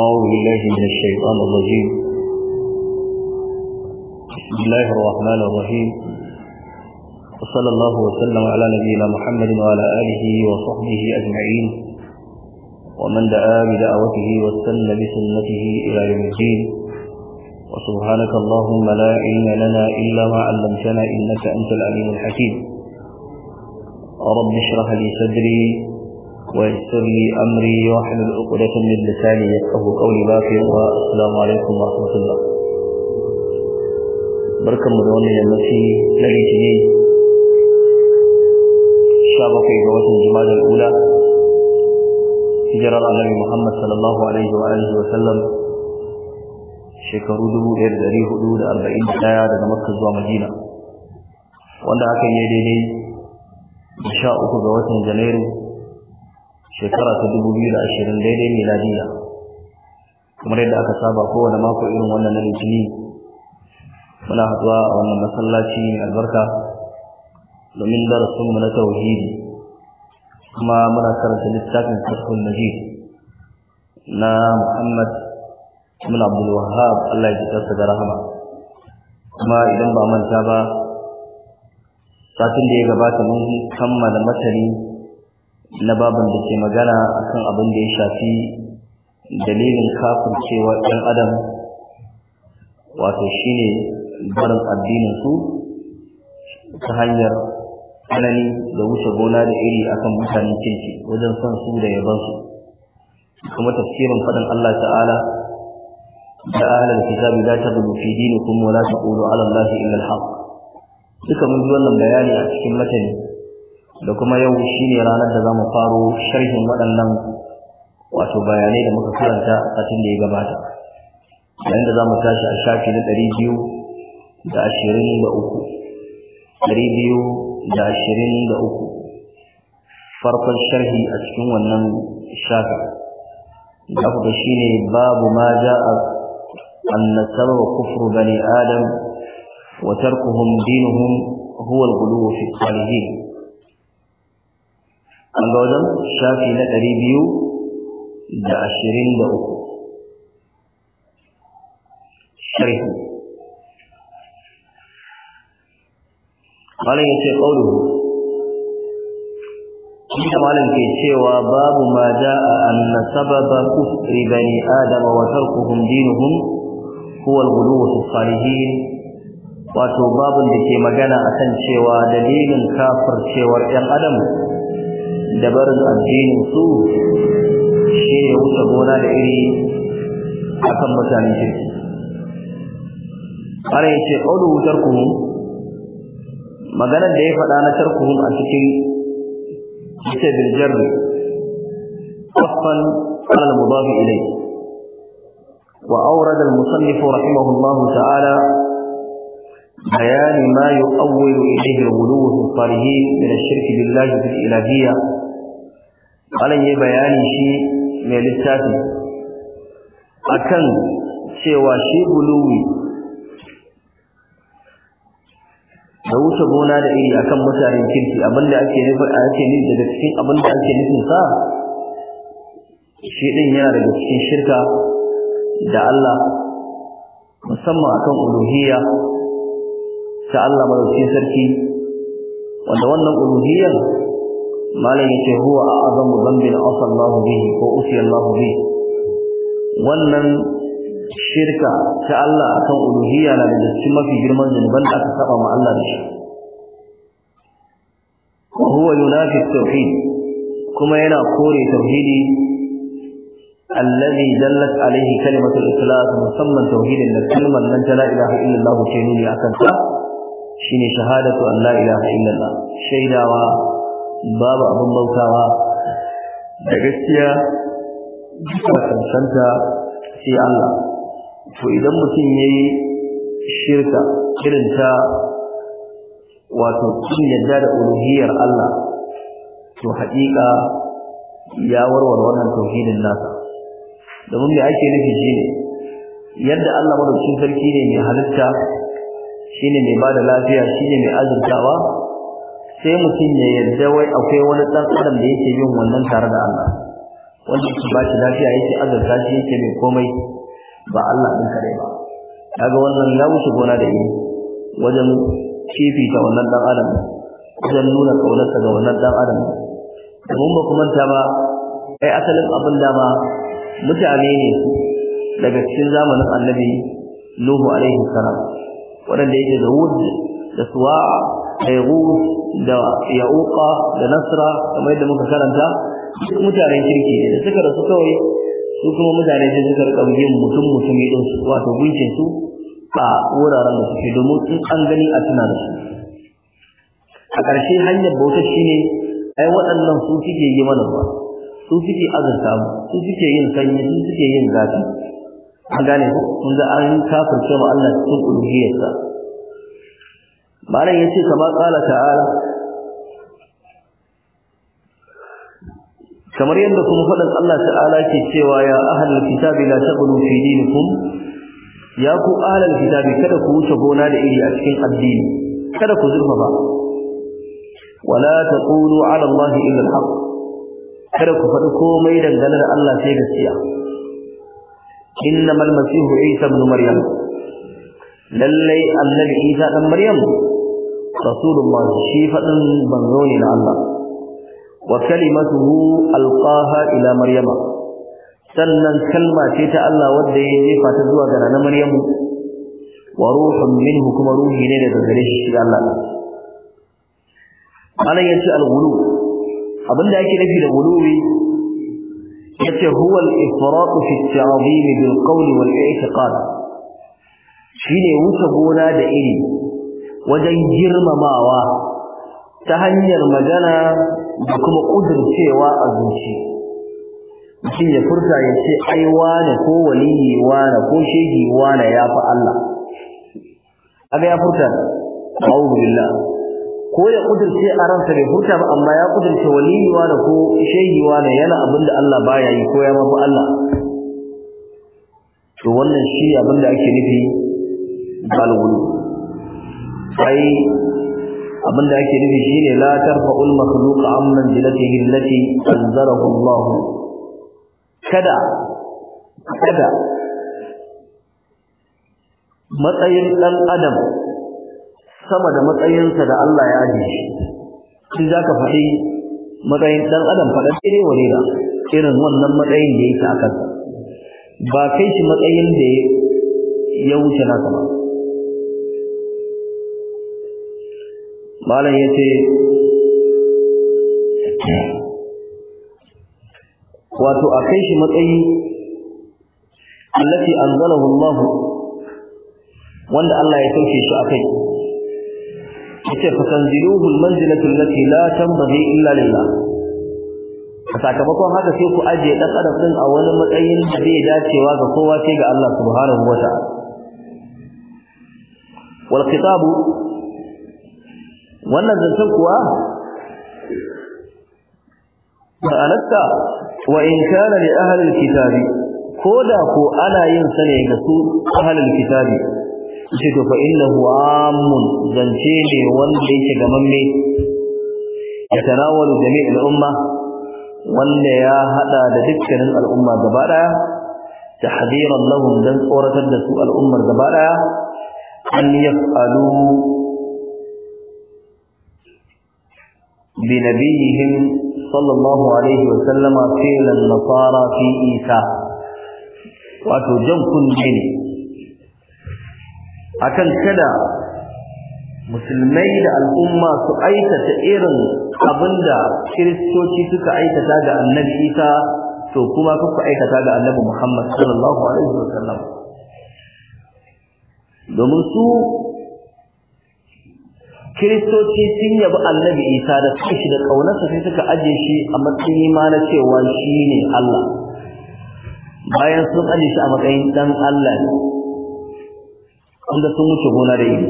أعوذ بالله من الشيطان الرجيم بسم الله الرحمن الرحيم وصلى الله وسلم على نبينا محمد وعلى آله وصحبه أجمعين ومن دعا بدعوته واستنى بسنته إلى يوم الدين وسبحانك اللهم لا علم لنا إلا ما علمتنا إنك أنت العليم الحكيم رب اشرح لي صدري ويسر لي أمري وحمل أقودة من لساني يفقه قولي باقي والسلام عليكم ورحمة الله بركة مدونة يا مسي لدي جنين شابة في جوة الجمال الأولى جرى على النبي محمد صلى الله عليه وآله وسلم شكروا دبو إير داري حدود أربعين ساعه دقا مكة زوا مدينة وانا أكي يديني إن شاء الله جوة جنين shekara ta 2020 daidai miladiya kamar yadda aka saba kowane mako irin wannan na litini muna haɗuwa a wannan masallaci mai albarka domin mu na tauhidi kuma muna karanta littafin fathul naji na muhammad Muna abdul wahab Allah ya ji kansa da rahama kuma idan ba manta ba satin da ya gabata mun kammala matani na babin da ke magana akan abin da ya shafi dalilin kafircewa ɗan adam wato shine barin addinin su ta hanyar tsanani da wuce gona da iri akan mutanen kirki wajen son su da yaban su kuma tafsirin faɗin Allah ta'ala da ahlul kitabi la taghlu fi dinikum wa la taqulu ala allahi illa al-haqq duka mun ji wannan bayani a cikin matani da kuma yau shine ranar da zamu faro sharhin waɗannan wato bayanai da muka karanta a satin da ya gabata yayin da zamu tashi a shafi na ɗari biyu da ashirin da uku ɗari biyu da ashirin da uku farkon sharhi a cikin wannan shafi da kuka shine babu ma ja'a أن Bani Adam, بني آدم وتركهم دينهم هو الغلو في الصالحين an ga wajen shafi na ɗari biyu da ashirin da uku sharhi malam ya ce ƙauru da malam ke cewa babu ma a anna sababa kufri bani adama wa tarkuhum dinuhum huwa al-ghuluw fi salihin wato babun da ke magana akan cewa dalilin kafircewar ɗan adam da barin addinin su shi ne wuce gona da iri a kan mutane kirki ana yi ce ƙaunar wutar kuhu maganar da ya faɗa na tarkuhun a cikin ita biljar wasfan alal mudafi ilai wa aurada al-musannif rahimahullahu ta'ala بيان ما يؤول إليه الغلو في الصالحين من الشرك بالله في الإلهية malam yayi bayani shi mai littafi akan cewa shi buluwi da wuce gona da iri akan mutanen kirki abinda ake nufi yake nufi daga cikin abinda ake nufin sa shi din yana daga cikin shirka da Allah musamman akan uluhiyya ta Allah madaukakin sarki wanda wannan uluhiyyar malam yace huwa a'zamu dhanbin asa Allah bihi ko usi Allah bihi wannan shirka ta Allah akan uluhiyya na da cikin mafi girman zunuban da aka saba ma Allah da shi wa huwa yunafi tauhid kuma yana kore tauhidi alladhi dallat alayhi kalimatu al-ikhlas musamman tauhidin da kalmar nan ta la ilaha illallah ce ne akan ta shine shahadatu an la ilaha shaidawa babu abin bautawa da gaskiya duka cancanta sai Allah to idan mutum ya yi shirka irin ta wato cin yadda da uluhiyar Allah to haƙiƙa ya warware wannan tauhidin nasa domin me ake nufi ne. yadda Allah madaukakin sarki ne mai halitta shine mai bada lafiya shine mai azurtawa sai mutum ya yarda wai akwai wani ɗan adam da yake yin wannan tare da Allah wanda ba shi lafiya yake azurta shi yake mai komai ba Allah ɗin kare ba kaga wannan ya wuce gona da iri wajen fifita wannan ɗan adam wajen nuna ƙaunarsa ga wannan ɗan adam domin ba ku manta ba ai asalin abin dama mutane ne daga cikin zamanin annabi nuhu alaihi salam waɗanda yake da wud da suwa da yaghus da yauka da nasra kamar yadda muka karanta duk mutanen kirki da suka rasu kawai su kuma mutane sai suka rika yin mutum mutumi din su wato gunkin su a wuraren da suke domin in an gani a tuna da su a ƙarshe hanyar bauta shine ai waɗannan su suke yi mana ba su suke azurta mu su suke yin sanyi su suke yin zafi an gane ko za ga an kafirce mu Allah cikin uluhiyarsa malam yace kama qala ta'ala kamar yadda kuma faɗin Allah ta'ala ke cewa ya ahlul kitabi la taghlu fi dinikum ya ku ahlul kitabi kada ku wuce gona da iri a cikin addini kada ku ba. wala taqulu ala Allah illa al-haq kada ku faɗi komai dangane da Allah sai gaskiya innamal masihu isa ibn maryam lallai annabi isa dan maryam rasulullah shi faɗin banzo ne na Allah wa kalimatuhu alqaha ila maryama sannan kalma ce ta Allah wadda ya jefa ta zuwa ga ranar maryamu wa ruhun minhu kuma ruhi ne daga gare shi ga Allah malan yace al-ghulu abinda yake nufi da ghuluwi yace huwa al-ifrat fi at-ta'zim bil qawl wal i'tiqad shine wuce gona da iri wajen girmamawa ta hanyar magana da kuma ƙudurcewa a zuci mutum ya furta ya ce ai wane ko waliyi wane ko shegi wane ya fi Allah aga ya furta a'udhu lilla. ko ya kudurce a ransa bai furta ba amma ya kudurce waliyi wane ko shegi wane yana abin da Allah baya yi ko ya mafi Allah to wannan shi abin da ake nufi da sai abin da ake nufi shine la tarfa'ul makhluq an manzilatihi allati anzarahu Allah kada kada matsayin dan adam sama da matsayinsa da Allah ya ji shi za zaka faɗi matsayin dan adam faɗa ne wani da irin wannan matsayin da yake a ba kai shi matsayin da ya wuce na ba malam ya ce wato a kai shi matsayi allafi anzalahu Allah wanda Allah ya sauke shi a kai Ya yace fa tanziluhu almanzilatu allati la tanbaghi illa A sakamakon haka sai ku ajiye ɗan adam din a wani matsayin da bai dacewa ga kowa sai ga Allah subhanahu wa ta'ala wal kitabu. wannan zancen kuwa ma'anarta wa in kana li ahli alkitabi ko ko ana yin sa ne ga su ahli alkitabi shi to fa innahu ammun zance ne wanda yake ga mamme ya tanawalu jami'il umma wanda ya hada da dukkanin al'umma gaba daya tahdiran lahum dan tsoratar da su al'ummar gaba daya an yaf'alu بنبيهم صلى الله عليه وسلم فعل النصارى في عيسى ne. A kan kada musulmai da al'umma su aikata irin abinda kiristoci suka aikata ga annabi isa to kuma kuka aikata ga annabi muhammad sallallahu alaihi wa sallam, domin su kiristoci sun yabi annabi isa da suka shi da ƙaunarsa sai suka aje shi a matsayin ma na cewa shi ne allah bayan sun aje shi a matsayin dan allah ne wanda sun wuce gona da yi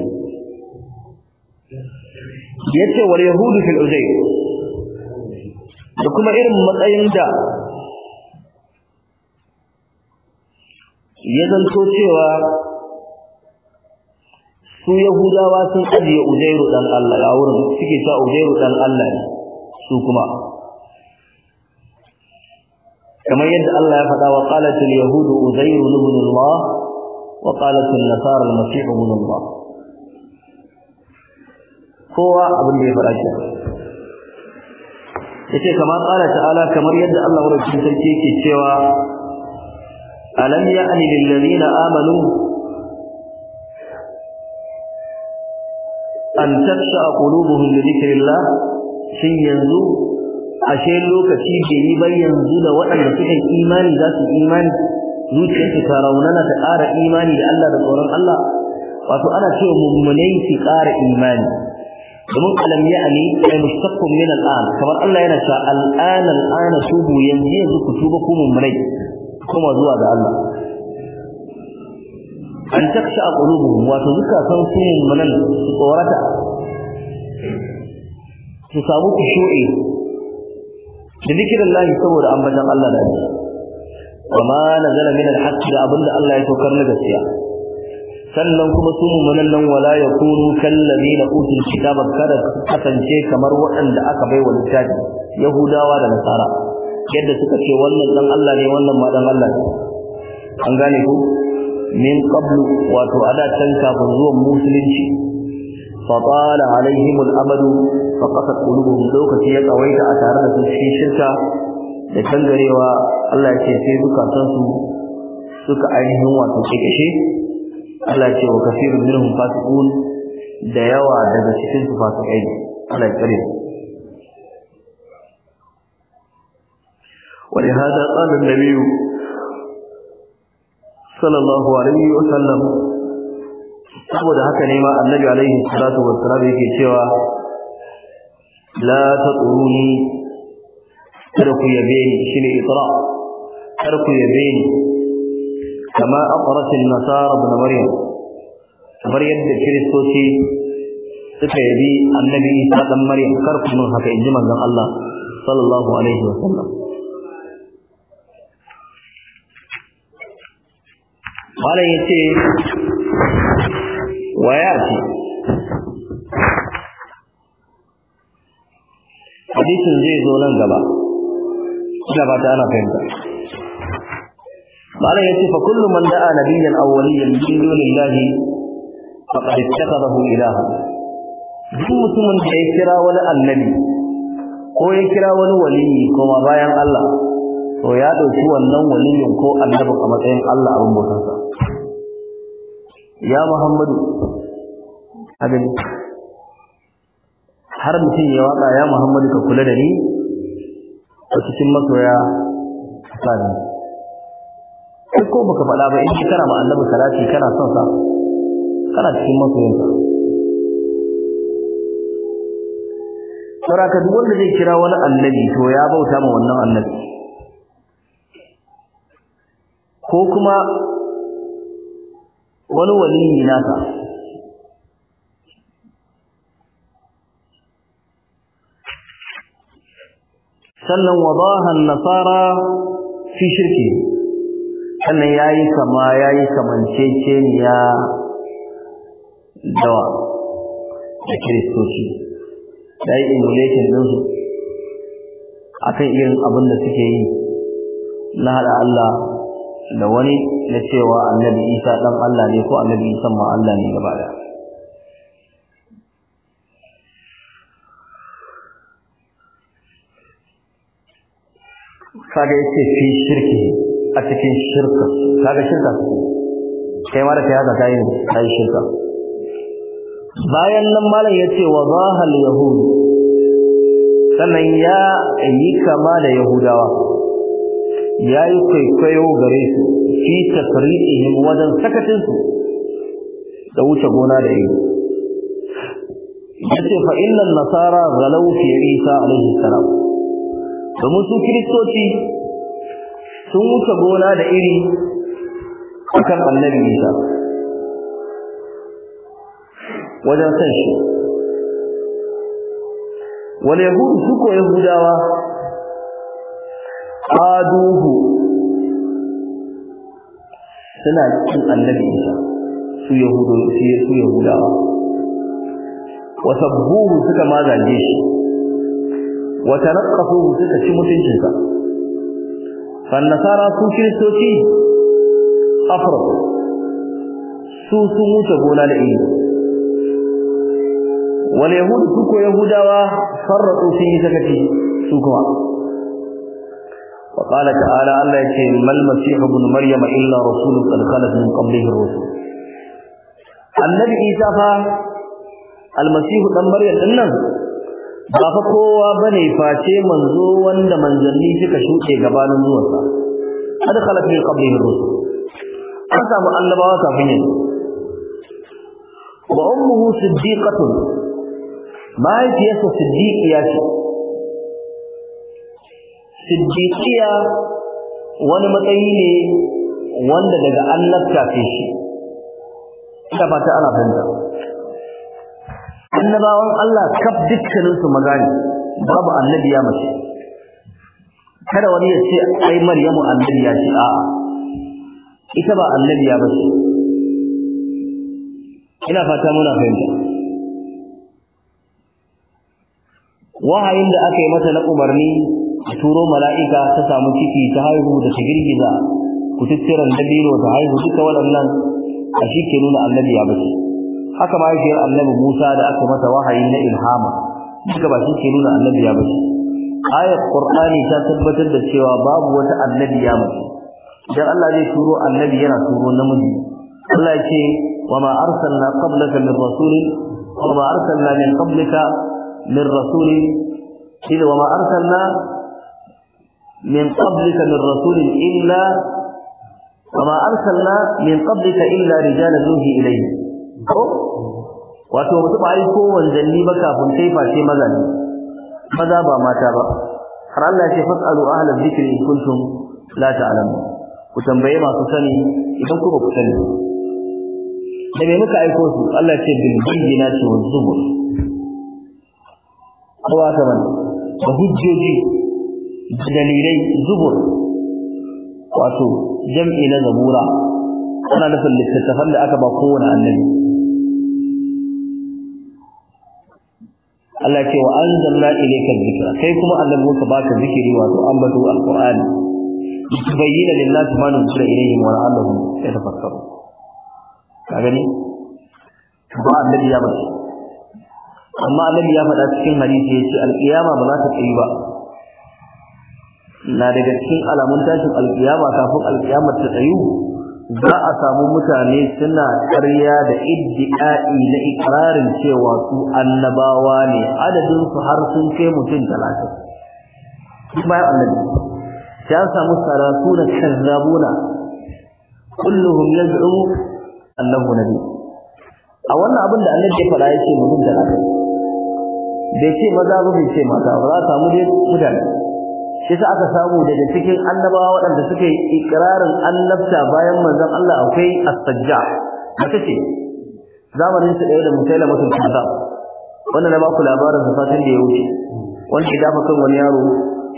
ya ce wal yahudu fil uzay da kuma irin matsayin da ya zanto cewa su yahudawa sun ajiye uzairu dan Allah ya wurin suke sa uzairu dan Allah ne su kuma kamar yadda Allah ya faɗa wa qalatul yahudu uzairu ibn Allah wa qalatul nasara al-masih ibn Allah kowa abin da ya faɗa ke yace kamar qala ta'ala kamar yadda Allah wurin sarki yake cewa alam ya'ni lil ladina amanu an a tafsha da li dhikrillah shin yanzu ashe lokaci bai yi ba yanzu da waɗanda suka imani za su imani zuciyarsu ta raunana ta ƙara imani da Allah da tsoron Allah wato ana cewa mummunai su ƙara imani domin alam ya ani ay mushtaqqun min al'an kamar Allah yana cewa al'ana al'ana tubu yanzu yanzu ku tuba ku mummunai kuma zuwa ga Allah an taksha a ƙulubuhum wato zukatan su tsorata su samu ku shu'i. da zikirin lahi saboda ambatan Allah da ne amma nazala min al-haqqi da abinda Allah ya saukar na gaskiya sannan kuma su mummunan nan wala yakunu na utul kitaba kada kasance kamar waɗanda aka baiwa littafi yahudawa da nasara yadda suka ce wannan dan Allah ne wannan ma dan Allah ne an gane ku min qablu wato ada can kafin zuwan musulunci fa qala alaihim al-amadu fa qasat qulubuhum lokaci ya tsawaita a tare da su cikin shirka da kangarewa Allah ya ce sai zukatan su suka ainihin wato kikishe Allah ya ce wa kafirun minhum fasiqun da yawa daga cikin su fasikai Allah ya kare su ولهذا قال النبي sallallahu alaihi wa sallam saboda haka ne ma annabi alaihi salatu sallam yake cewa la taquruni kada ku yabe ni shine itra kada ku yabe ni kama aqratin nasara ibn maryam kamar yadda kiristoci suka yabi annabi isa dan maryam kar ku mun haka inji manzon Allah sallallahu alaihi wa sallam malam ya ce wa ya ce hadisin zai zo nan gaba ina ba ta ana fahimta malam ya ce fa kullum man da'a nabiyyan aw waliyyan min dunillahi faqad ittakhadahu ilaha duk mutumin da ya kira wani annabi ko ya kira wani waliyi kuma bayan Allah to ya dauki wannan waliyin ko annabi a matsayin Allah abin bautarsa ya muhammadu abin har mutum ya waka ya muhammadu ka kula da ni a cikin masoya sani kai ko baka faɗa ba in kana ma annabi salati kana son sa kana cikin masoyin sa sauraka duk wanda zai kira wani annabi to ya bauta ma wannan annabi ko kuma wani waliyi nasa sannan wadahan nasara fi shirki sannan ya yi kama yayi kamanceceniya dawa da kiristoci yayi emulation ɗinsu kan irin abin da suke yi na haɗa Allah da wani na cewa annabi isa dan Allah ne ko annabi isa ma Allah ne gaba da kaga ce fi shirki a cikin shirka kaga shirka kai ma da kai haka kai kai shirka bayan nan malam ce wa zahal yahud sannan ya yi kama da yahudawa ya yi kwaikwayo gare su fi tafriqihim wajen sakatin su da wuce gona da ido yace fa innal nasara ghalaw fi isa alaihi salam domin su kiristoci sun wuce gona da iri akan annabi isa wajen san shi wal yahudu su ko yahudawa aduhu suna cin annabi isa su yahudu su yahudawa wa sabbuhu suka mazaje shi wa tanaqquhu suka ci mutuncinsa fan nasara su kiristoci afro su sun wuce gona da ilimi wal yahudu su ko yahudawa farratu yi zakati su kuma وقال تعالى الله يتي ما المسيح ابن مريم إلا رسول قد خلت من قبله الرسل النبي عيسى فا المسيح ابن مريم إنه ba kowa bane face manzo wanda manzanni suka shuke gabanin zuwansa qad khalat min qablihi rusul an samu annabawa kafin yin wa ce siddiqiya wani matsayi ne wanda daga annabta ce shi ba fata ana fahimta annabawan Allah kaf dukkanin su maza ne babu annabi ya mace kada wani ya ce ai maryamu annabi ya ce a'a ita ba annabi ya bace ina fata muna fahimta wahayin da aka yi mata na umarni ta turo mala'ika ta samu ciki ta haihu da ta girgiza ku tuttiran dabino ta haihu duka waɗannan a shi ke nuna annabi ya bace haka mahaifiyar annabi musa da aka mata wahayi na ilhama duka ba shi ke nuna annabi ya bace ayar qur'ani ta tabbatar da cewa babu wata annabi ya mace idan Allah zai turo annabi yana turo namiji Allah ya ce wa ma arsalna qablaka min rasulin wa ma arsalna min qablika min rasulin إذا وما أرسلنا min qablika min rasulin illa kama arsalna min qablika illa rijalan nuhi ilayhi ko wato mutum yi ko wanzanni ba kafin kai face maza ne maza ba mata ba har Allah ya ce fasalu ahla dhikri in kuntum la ta'lamun ku tambaye masu sani idan ku ba ku sani da me muka aiko su Allah ce bil bayyinati waz zubur ko aka ban da hujjoji dalilai zubur wato jam'i na zabura ana nufin littattafan da aka ba kowane annabi Allah ce wa anzalna ilayka dhikra kai kuma annabi muka baka zikiri wato ambato alqur'ani bayyana lin-nasi ma nuzila ilayhim wa la'allahum yatafakkaru ka gani ba annabi ya bace amma annabi ya faɗa cikin hadisi yace alqiyama ba za ta kai ba na daga cikin alamun tashin alkiyama kafin alkiyamar ta tsayu za a samu mutane suna ƙarya da iddi'a'i na ikrarin cewa su annabawa ne adadin su har sun kai mutum talatin Duk bayan annabi sai an samu sarasu da kazzabuna kulluhum yaz'u annahu nabi a wannan abin da annabi ya faɗa yake mutum talatin bai ce maza ba bai ce mata ba za a samu dai mutane shi sa aka samu daga cikin annabawa waɗanda suke ikrarin annabta bayan manzon Allah akwai as sajja? haka ce zamanin su ɗaya da musaila mutum kaza wannan na baku labarin safatin da ya wuce wanda ya dafa kan wani yaro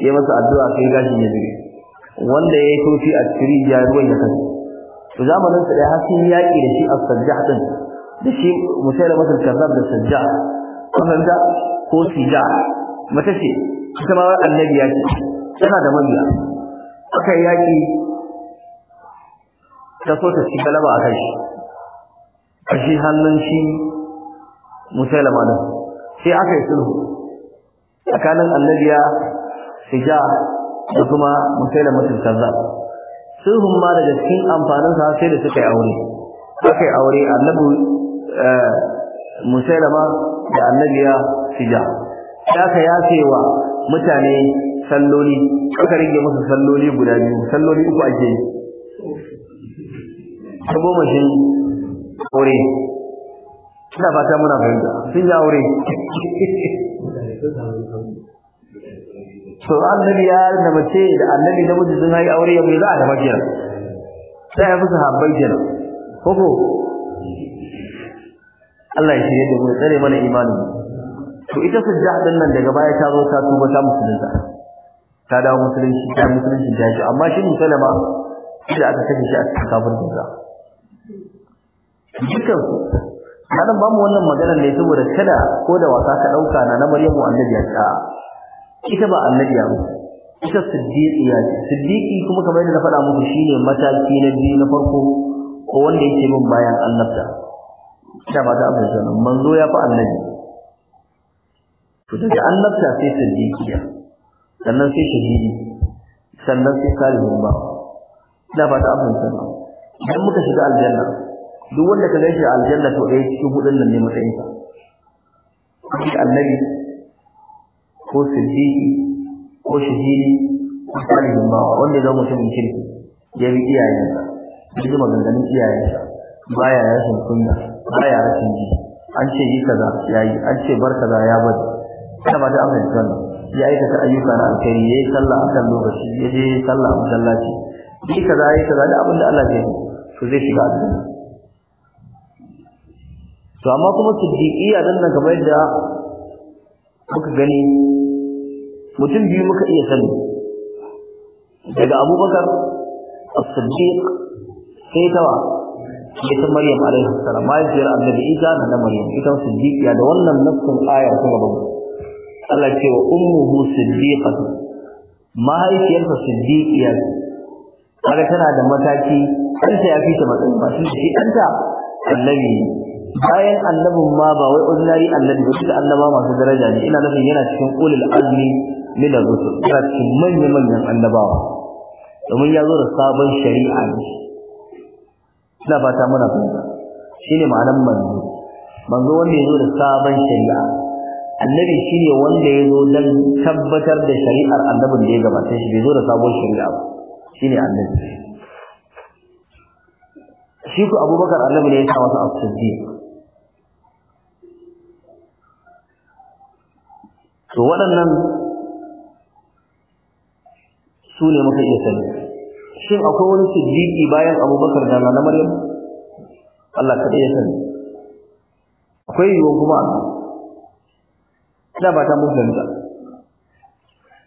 ya masa addu'a kai gashin ya zube wanda ya yi kofi a cikin ya ruwa ya kasance zamanin su da har sun yaƙi da shi as-sajjah din da shi musaila mutum kaza da sajjah ko sija Mata ce ita ma annabi ya ce yana da mabiya aka yi ta so ta ci galaba a kai shi hannun shi musailama da sai aka yi sulhu tsakanin annabiya sija da kuma musailama kaza sulhun ma daga cikin amfaninsa sai da suka yi aure aka yi aure annabi eh, musailama da annabiya sija ya ka yafe wa mutane salloli aka rage musu salloli guda biyu salloli uku ake yi ta goma shi aure ina fata muna fahimta sun yi aure so annabi ya da mace da annabi da mutum sun yi aure yau za a da mafiya sai ya fusa habbai kenan koko Allah ya shirya da mu tsare mana imanin to ita sujja din nan daga baya ta zo ta tuba ta musulunta ta dawo musulunci ta musulunci ta ji amma shi musulma da aka kashe shi a cikin kafin dinga dukkan su nan ba mu wannan maganar ne saboda kada ko da wasa ka dauka na na Maryamu annabiya ta ita ba annabiya ba ita ya ce siddiqi kuma kamar yadda na faɗa muku shine mataki na biyu na farko ko wanda yake min bayan annabta ita ba ta abin manzo ya fi annabi to daga annabta sai siddiqiya sannan sai shahidi sannan sai salihin ba ina fata ta amince ba idan muka shiga aljanna duk wanda ka gaishe aljanna to ɗaya cikin hudun nan ne matsayinsa kuma annabi ko siddiqi ko shahidi ko salihin ba wanda zama mutumin kirki ya bi iyayensa ya ji maganganun iyayensa baya rashin kunya baya rashin ji an ce yi kaza ya yi an ce bar kaza ya bari ina fata ta amince wannan ya aikata ayyuka na alkhairi ya yi sallah a kan lokaci ya je sallah a masallaci yi kaza yi kaza da abin da Allah ya zai to zai shiga aljanna to amma kuma siddiqiyya dan nan kamar yadda muka gani mutum biyu muka iya sani daga abubakar as-siddiq sai tawa ita maryam alaihi salam mahaifiyar annabi isa na maryam ita siddiqiya da wannan nassin ayar kuma gaba Allah ce wa ummuhu siddiqatu mahaifiyarsa siddiqiya kaga tana da mataki ɗanta ya fi ta matsayi ba shi ɗanta annabi bayan annabin ma ba wai ordinary annabi ba shi annaba masu daraja ne ina nufin yana cikin ulul azmi min ar-rusul yana cikin manyan manyan annabawa domin ya zo da sabon shari'a ne ina fata muna fahimta shine ma'anar manzo manzo wanda ya zo da sabon shari'a annabi shine wanda ya zo don tabbatar da shari'ar annabin da ya gabata shi bai zo da sabon shari'a ba shine annabi shi ku abubakar annabi ne ya sa wasu as-siddiq to waɗannan su ne muka iya sani shin akwai wani siddiqi bayan abubakar da na maryam Allah kaɗai ya sani akwai yiwuwar kuma ina ba ta mutum da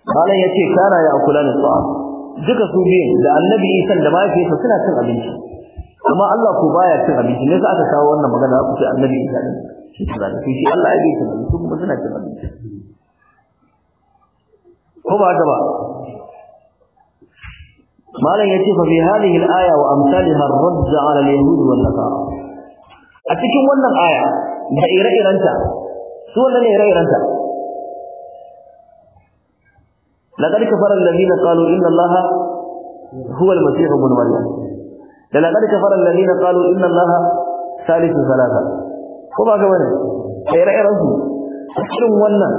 malam yace kana ya kula da tsawa duka su biyu da annabi isa da mahaifiyarsa suna cin abinci amma Allah ko baya cin abinci ne sa aka kawo wannan magana ku ce annabi isa ne shi tsara da shi Allah ya cin abinci kuma suna cin abinci ko ba haka ba malam ya ce fa fi hadhihi al-aya wa amsalha ar-radd 'ala al-yahud wal nasara a cikin wannan aya da ire-irenta su wannan ire-irenta laqad kafara alladhina qalu inna allaha huwa al-masih ibn maryam da laqad kafara inna allaha salisu salasa ko ba ga wannan sai ra'ayar su cikin wannan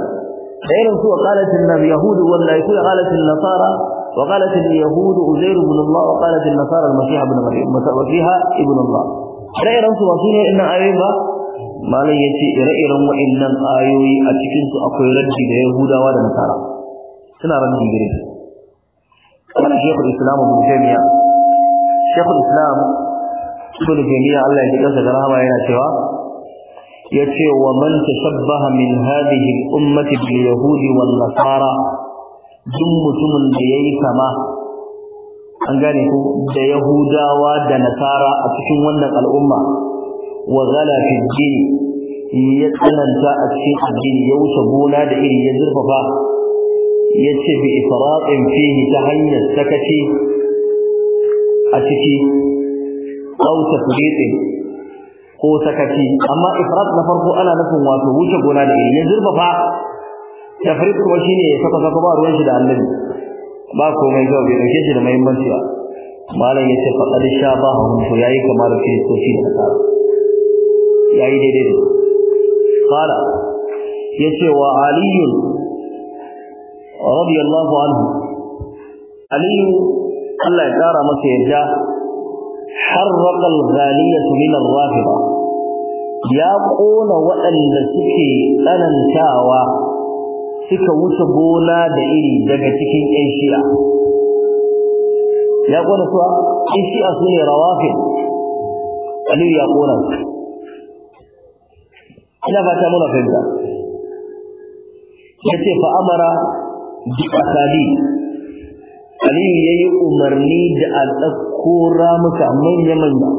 da irin su qalat an yahudu wal yahud qalat an-nasara wa qalat al-yahud uzair ibn allah wa qalat an-nasara al-masih ibn maryam mutawafiha ibn allah ra'ayar su wasu ne inna ayoyi ba malai ayoyi a cikinsu akwai raddi da yahudawa da nasara suna ran digiri kamar shekul islam ibn taymiya shekul islam ibn taymiya Allah ya ji kansa da rahama yana cewa yace wa man tashabbaha min hadhihi al-ummati bil yahudi wan nasara duk mutumin da yayi kama an gane ko da yahudawa da nasara a cikin wannan al'umma wa ghala fi din ya tsananta a cikin addini ya wuce gona da iri ya zurfafa yace bi ifratin fihi ta hanyar sakaci a ciki aw tafriqin ko sakaci amma ifrat na farko ana nufin wato wuce gona da iri ya zurfafa tafriq ko shine ya saka saka ba ruwan shi da annabi ba komai ga bai rike shi da muhimmanci ba malam ya ce qad shaba hum yayi kamar kristoci da nasara yayi daidai qala yace wa aliyun radiyallahu anhu aliyu Allah ya kara masa yadda harraqa al-ghaliyatu min ar-rafida ya ƙona waɗanda suke tsanantawa suka wuce gona da iri daga cikin ƴan shi'a ya kona su ƴan shi'a su ne aliyu ya kona su ina fata muna fahimta yace fa amara bikasali aliyu ya yi umarni da a ramuka manya-manya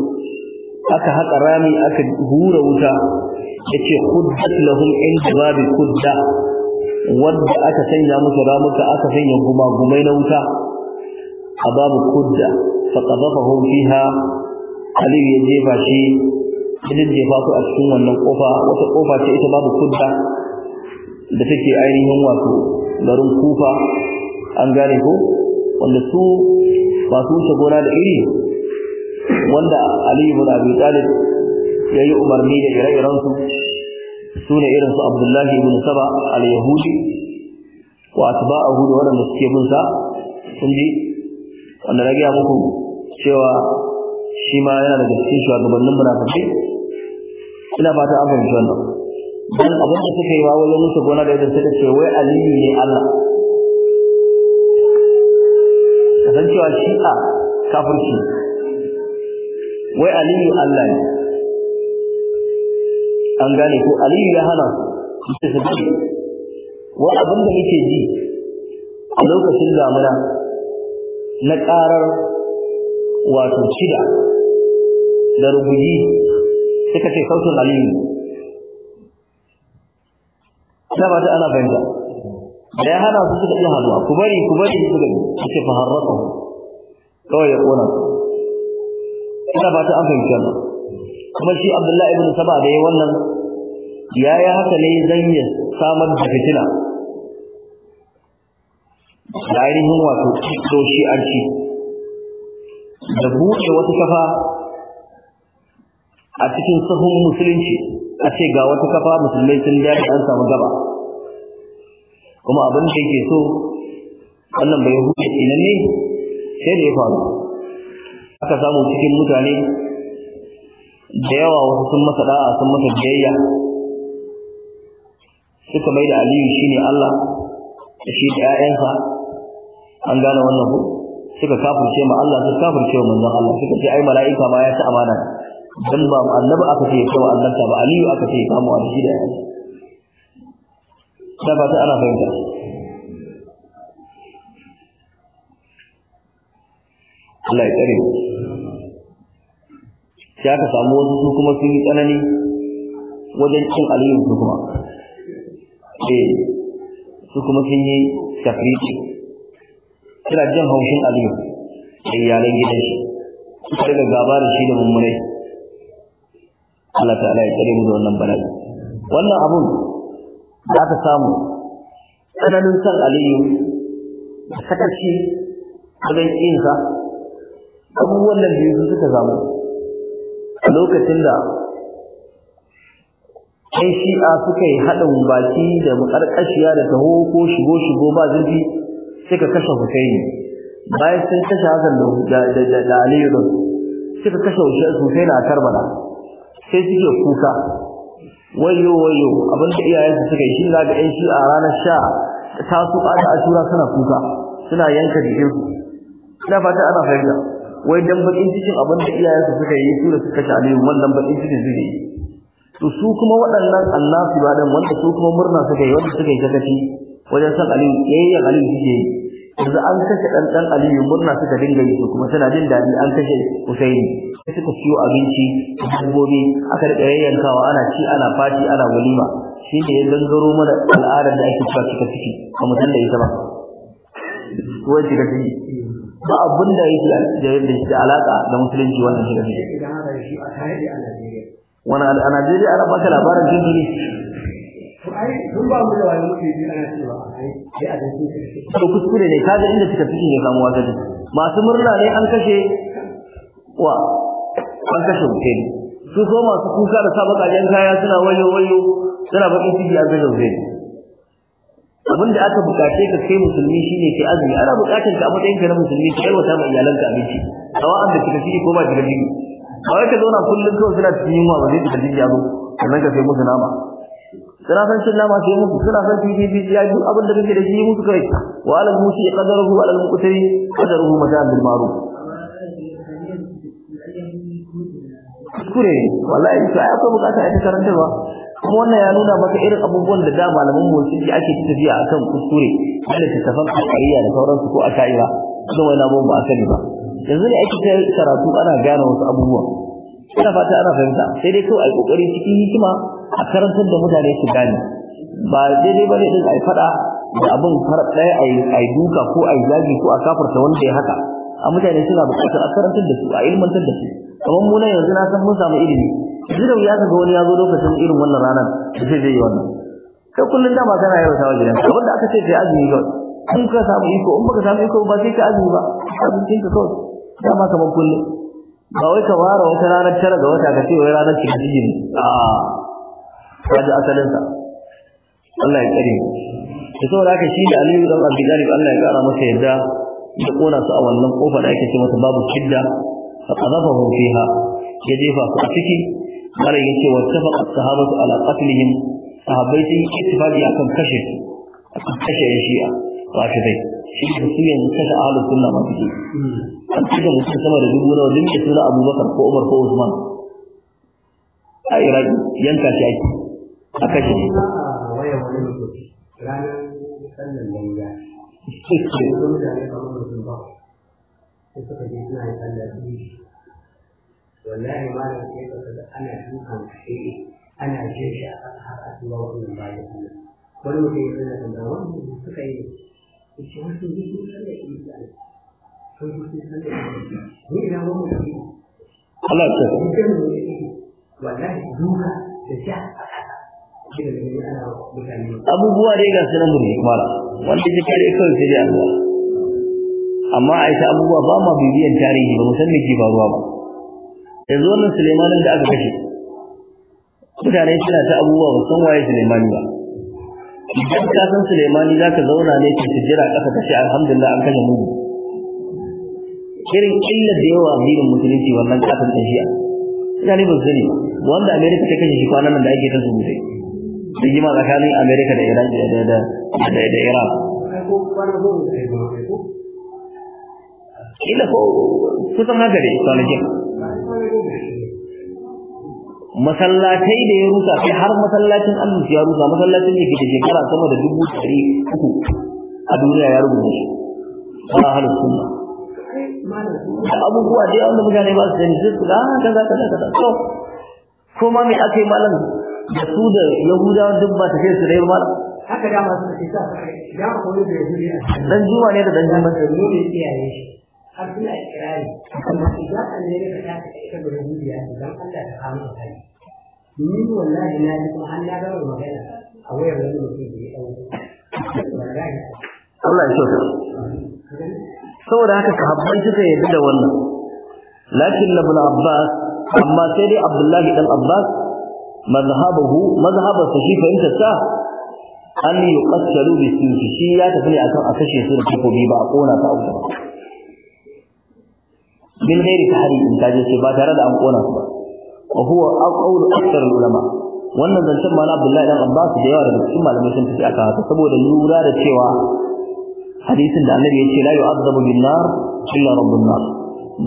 aka haka rami aka hura wuta ya ce kuddat lahum babu kudda wadda aka sanya musu ramuka aka sanya gumagumai na wuta a babu kudda faƙazafahun fiha aliyu ya jefa shi ya jefa su a cikin wannan ƙofa wata ƙofa ce ita babu kudda da take ainihin wato garin kufa an gane ko wanda su masu wuce gona da iri wanda Aliyu ibn abi talib ya yi umarni da ire-irensu su ne irinsu abdullahi ibn saba al-yahudi wa atba'ahu da waɗanda suke bin sa sun ji wanda na gaya muku cewa shi ma yana daga cikin shugabannin munafikai ina fata an fahimci wannan dan abin da suka yi wa wajen musu gona da idan suka ce wai aliyu ne Allah shi a kafirci wai aliyu Allah ne an gane ko aliyu ya hana su su bi wa abin da muke ji a lokacin damuna na karar wato shida da rubuji suka ce sautin aliyu ta ba ta ana banja da ya hana su suka iya haduwa ku bari ku bari su gani suke faharraka kawai ya kona ina ba ta an fahimci kuma shi abdullahi ibn saba da ya wannan ya yi haka ne zan yi samar da fitina da ainihin wato shi an ci da buɗe wata kafa a cikin sahun musulunci a ce ga wata kafa musulmai sun dace an samu gaba kuma abin da yake so wannan bai hukunci kenan ne sai da ya faru aka samu cikin mutane da yawa wasu sun masa da'a sun masa biyayya suka mai da aliyu shine Allah da shi da 'ya'yansa an gane wannan ku suka kafirce ma Allah suka kafirce wa manzon Allah suka ce ai mala'ika ma ya ci amana dan ba annabi aka ce kawo Allah ta ba aliyu aka ce kamo mu Aliyu da yayi Da ba ta ana fahimta Allah ya kare sai aka samu wasu su kuma sun yi tsanani wajen cin aliyu su kuma eh su kuma sun yi tafriti suna jin haushin aliyu da iyalan gidan shi suka daga gaba da shi da mummunai Allah ta'ala ya kare mu da wannan bala'i wannan abun za ka samu tsananin san aliyu da sakaci wajen ƙinsa abubuwan nan biyu su suka samu a lokacin da ƴan shi'a suka yi haɗin baki da maƙarƙashiya da taho ko shigo-shigo ba zurfi suka kashe Husaini bayan sun kashe Hassan da Aliyu suka kashe Husaini a Karbala sai suke kuka wayo wayo iyayen su suka yi shi zaka ga shi a ranar sha ta su a shura, suna kuka suna yanka su ina fata ana fahimta wai dan bakin cikin iyayen su suka yi su da suka sha aliyu wannan bakin cikin suke ne to su kuma waɗannan annasu ba dan wanda su kuma murna suka yi wanda suka yi sakaci wajen san aliyu yayin aliyu suke yi yanzu an kashe dan dan aliyu murna suka dinga yi kuma suna jin daɗi an kashe husaini sai suka siyo abinci dabbobi aka rika yayyankawa ana ci ana fati ana walima shi ne ya gangaro mana al'adar da ake cewa cika ciki ba mu san da ita ba wai cika ciki ba abin da yake da da alaka da musulunci wannan cika ciki wani a Najeriya ana baka labarin jinjiri ai duk ba mu da wani mutum ana cewa ai sai a dace shi to kuskure ne kaga inda suka fi ne samu wata masu murna ne an kashe wa an kashe mutum su ko masu kuka da sa bakajen kaya suna wayo wayo suna bakin ciki a zai zai abin da aka bukace ka kai musulmi shine ke azumi ana bukatar ka a matsayin ka na musulmi ka wata ma iyalanka abinci kawa an da kika shi ko ba kika A kawai ka zauna kullum kawai suna cikin yunwa ba zai kika shi ba zo sannan ka sai musu nama suna san cin nama sai musu suna san fifi ya duk abin da kake da shi musu kai wa alal musi qadaruhu wa alal muqtari qadaruhu mata'an bil ma'ruf kure wallahi sai akwai bukata a cikin ba. kuma wannan ya nuna maka irin abubuwan da da malaman musulunci ake tafiya akan kuskure da littattafan alƙariya da sauransu ko a ba, da wani abubuwan ba a ne ba yanzu ne ake kai karatu ana gane wasu abubuwa ina fata ana fahimta sai dai kawai a kokari cikin hikima a karantar da mutane su gane ba daidai ba ne din a faɗa da abin fara ɗaya a yi duka ko a yi zagi ko a kafarta wanda ya haka a mutane suna buƙatar a karantar da su a ilmantar da su kamar mu yanzu na san mun samu ilimi yanzu ya ga wani ya zo lokacin irin wannan ranar da zai zai yi wannan kai kullum dama tana yau tawa gidan abin da aka ce kai azumi kawai in ka samu iko in baka samu iko ba sai ka azumi ba abincin ka kawai dama kamar kullum ba wai ka ware wata ranar tara ga wata ka ce wai ranar cikin jini a'a kaji asalinsa Allah ya tsare da saboda haka shi da Aliyu dan Allah ya kara masa yadda ya kona su a wannan kofa da ake ce masa babu shidda fa qadafahu fiha ya jefa su a ciki mara wa tafaqa sahabatu ala qatlihim sahabbai sun yi ittifaqi akan kashe akan kashe dai shi da su yanzu kashe ahlus sunna ma su an mutum sama da dubu nawa Abubakar ko Umar ko Usman a Iraki yanka shi ake a kashe shi wallahi ma da ke kasa ana dukan shi ana jin shi a kan har a duba wannan bayan wani mutum ya suka yi ya ce wasu ne sun san da shi da sun sun san da wani mutum Allah ta wallahi duka da abubuwa dai ga sunan burji mara wanda ji kare kawai sai dai Allah amma a isa abubuwa ba ma bibiyan tarihi ba musamman me ke faruwa ba yanzu wannan Sulaimanin da aka kashe mutane suna ta abubuwa ba san waye Sulaimani ba idan ka san za zaka zauna ne ka jira kasa kashe alhamdulillah an kashe mu irin illa da yawa addinin musulunci wannan kafin tafiya mutane ba su sani ba wanda Amerika ta kashe shi kwanan nan da ake ta zubutai rigima tsakanin amerika da iran da da iran kila ko kusan haka ne kwanakin masallatai da ya rusa sai har masallacin Allah ya rusa masallacin ne ke da shekara sama da dubu ɗari uku a duniya ya rubuta shi ba halin sunna abubuwa dai wanda mutane ba su sani sai su ga ah, kaza kaza kaza to kuma me ake yi malam da su da yahudawa duk ba tafiyar su dai ba haka da masu da sa ya koyi da yahudiya dan juma ne da dan juma da mu ne iyaye shi har suna ikirari amma idan a ne da ta ita da yahudiya dan Allah ta kama ta ni wallahi na ji kuma Allah ga magana a wayar wani mutum da ya dauko Allah ya so saboda haka sahabbai suka yarda da wannan lakin labul abbas amma sai dai abdullahi dan abbas mazhabahu mazhabarsa shi fahimtarsa an yuqassalu bi sinfi shi ya tafi ne akan a kashe su da takobi ba a kona ta auta min ghairi tahri in kaje je ba tare da an kona su ba wa huwa aqwlu akthar ulama wannan zancen ma na Abdullahi dan Abbas da yawa daga cikin malamai sun tafi akan haka saboda lura da cewa hadisin da Annabi ya ce la yu'adhabu bin nar illa rabbun nar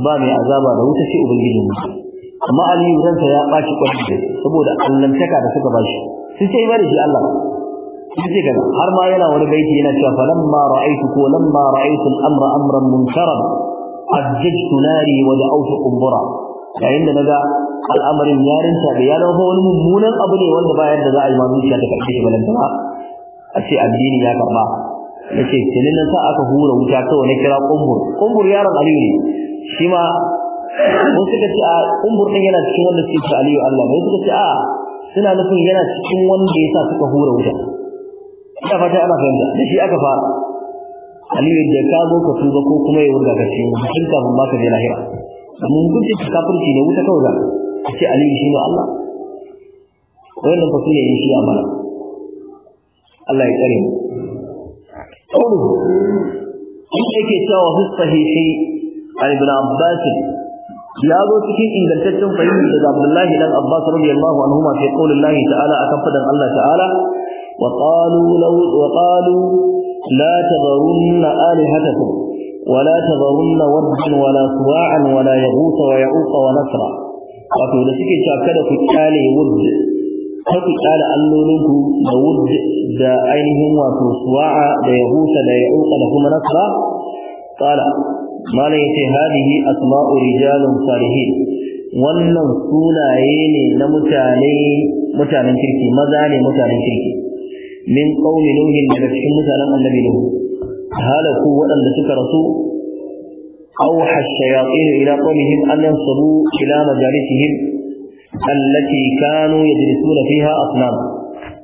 ba mai azaba da wuta sai ubangijin mutum amma aliyu ransa ya bashi kwalle saboda allantaka da suka bashi sai sai bari shi Allah sai ce kaza har ma yana wani baiti yana cewa falamma ra'aytu ko lamma ra'aytu al-amra amran munkaran ajjajtu nari wa da'awtu qumbura yayin da naga al'amarin yarin ta da ya dawo wani mummunan abu ne wanda bayan da za a yi ma zuciya ta karshe ba a ce addini ya karba nace nan sa aka hura wuta kawai na kira qumbur qumbur yaron aliyu ne shi ma wasu suka ce a kumbur din yana cikin wanda suke ce aliyu Allah mai suka ce a suna nufin yana cikin wanda ya sa suka hura wuta ina fata ana fahimta da shi aka fara aliyu da ka zo ka tuba ko kuma ya wurga ka cikin mutum kafin ma ka je lahira mun guje ka kafirci ne wuta kawai za a ce aliyu shi ne Allah wannan fa ya yi shi a mana Allah ya kare mu قوله إن كتاب في الصحيح عن ابن عباس ya zo cikin ingantaccen fahimta daga Abdullahi dan Abbas radiyallahu anhuma fi qaulillahi ta'ala akan fadan Allah ta'ala wa qalu law wa qalu la tadharunna alihatakum wa la tadharunna waddan wa la suwa'an wa la yaghus wa ya'uq wa nasra wato da suke cewa kada ku kyale wud kada ku kyale allolinku da wud da ainihin wato suwa'a da yahusa da ya'uq da kuma nasra qala malam ya yace hadihi asma'u rijalun salihin wannan sunaye ne na mutane mutanen kirki maza ne mutanen kirki min qaumi nuhin daga cikin mutanen annabi nuhu halaku waɗanda suka rasu أوحى الشياطين إلى قومهم أن ينصبوا إلى مجالسهم التي كانوا يجلسون فيها أصنام